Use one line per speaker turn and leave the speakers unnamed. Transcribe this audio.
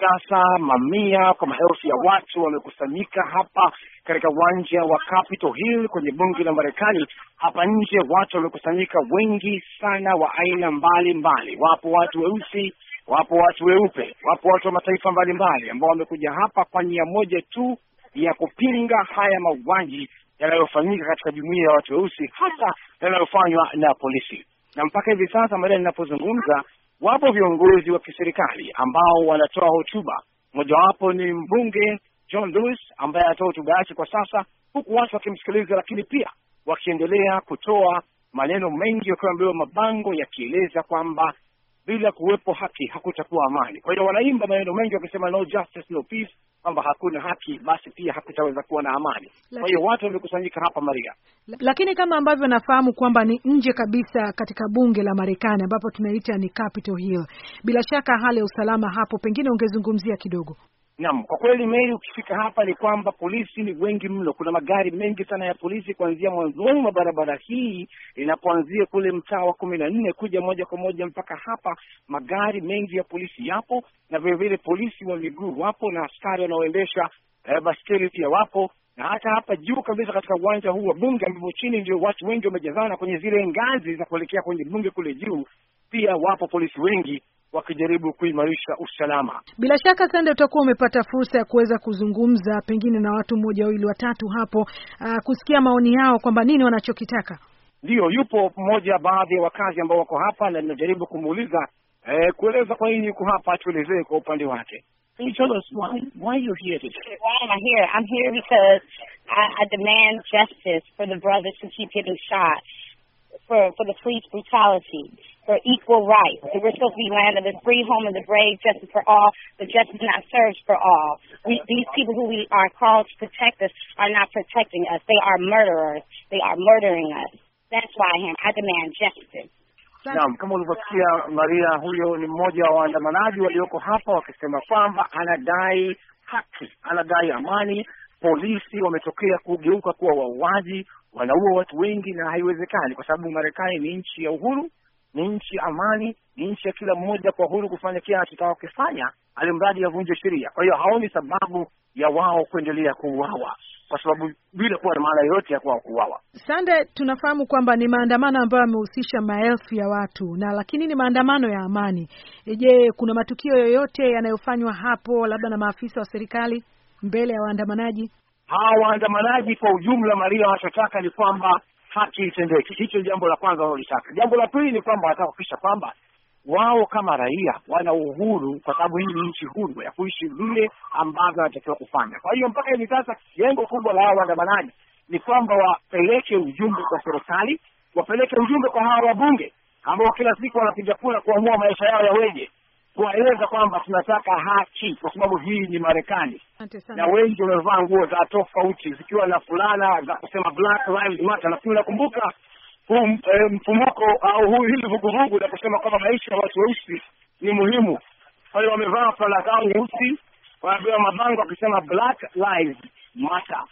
sasa mamia kwa maelfu ya watu wamekusanyika hapa katika uwanja wa Capitol Hill kwenye bunge la Marekani. Hapa nje watu wamekusanyika wengi sana wa aina mbalimbali, wapo watu weusi, wapo watu weupe, wapo watu wa mataifa mbalimbali ambao wamekuja hapa kwa nia moja tu ya kupinga haya mauaji yanayofanyika katika jumuiya ya watu weusi, hasa yanayofanywa na polisi. Na mpaka hivi sasa, mada ninapozungumza Wapo viongozi wa kiserikali ambao wanatoa hotuba, mojawapo ni mbunge John Lewis ambaye anatoa hotuba yake kwa sasa, huku watu wakimsikiliza, lakini pia wakiendelea kutoa maneno mengi wakiwa wamebeba mabango yakieleza kwamba bila kuwepo haki hakutakuwa amani. Kwa hiyo wanaimba maneno mengi wakisema no justice, no peace, kwamba hakuna haki, basi pia hakutaweza kuwa na amani. Kwa hiyo watu wamekusanyika hapa Maria,
lakini kama ambavyo nafahamu kwamba ni nje kabisa katika bunge la Marekani ambapo tunaita ni Capitol Hill. Bila shaka hali ya usalama hapo, pengine ungezungumzia kidogo.
Naam, kwa kweli Meri, ukifika hapa ni kwamba polisi ni wengi mno. Kuna magari mengi sana ya polisi kuanzia mwanzoni mwa barabara hii inapoanzia kule mtaa wa kumi na nne kuja moja kwa moja mpaka hapa. Magari mengi ya polisi yapo, na vilevile polisi wa miguu wapo, na askari wanaoendesha eh, baskeli pia wapo, na hata hapa juu kabisa katika uwanja huu wa Bunge ambapo chini ndio watu wengi wamejazana kwenye zile ngazi za kuelekea kwenye Bunge kule juu, pia wapo polisi wengi wakijaribu kuimarisha usalama.
Bila shaka, Sande, utakuwa umepata fursa ya kuweza kuzungumza pengine na watu mmoja wawili watatu hapo, uh, kusikia maoni yao kwamba nini wanachokitaka.
Ndiyo, yupo mmoja baadhi ya wakazi ambao wako hapa na ninajaribu kumuuliza eh, kueleza kwa nini yuko hapa, atuelezee kwa upande wake. for, for the police brutality. for equal rights. So we're supposed to be land of the free, home of the brave, justice for all, but justice not served for all. We, these people who we are called to protect us are not protecting us. They are murderers. They are murdering us. That's why I, am. I demand justice. Naam, kama ulivyosikia Maria, huyo ni mmoja wa waandamanaji walioko hapa wakisema kwamba anadai haki, anadai amani. Polisi wametokea kugeuka kuwa wauaji, wanaua watu wengi, na haiwezekani kwa sababu Marekani ni nchi ya uhuru ni nchi ya amani, ni nchi ya kila mmoja kwa huru kufanya kile anachotaka kukifanya, alimradi yavunje sheria. Kwa hiyo haoni sababu ya wao kuendelea kuuawa kwa sababu bila kuwa na maana yoyote ya kuwa kuuawa.
Sande, tunafahamu kwamba ni maandamano ambayo yamehusisha maelfu ya watu na lakini ni maandamano ya amani. E, je, kuna matukio yoyote yanayofanywa hapo labda na maafisa wa serikali mbele ya waandamanaji?
Hawa waandamanaji kwa ujumla, Maria, wanachotaka ni kwamba haki itendeke. Hicho jambo la kwanza wanalotaka. Jambo la pili ni kwamba wanataka kuhakikisha kwamba wao kama raia wana uhuru, kwa sababu hii ni nchi huru ya kuishi vile ambavyo wanatakiwa kufanya. Kwa hiyo mpaka hivi sasa lengo kubwa la hao waandamanaji ni kwamba wapeleke ujumbe kwa serikali, wapeleke ujumbe kwa hawa wabunge ambao kila siku wanapiga kura kuamua maisha yao yaweje kuwaeleza kwamba tunataka haki, kwa sababu hii ni Marekani na wengi wamevaa nguo za tofauti zikiwa na fulana za kusema Black Lives Matter. Lakini unakumbuka eh, mfumuko au huu hili vuguvugu la kusema kwamba maisha ya watu weusi ni muhimu. Kwa hiyo wamevaa fulana zao nyeusi, wanapewa mabango akisema Black Lives Matter.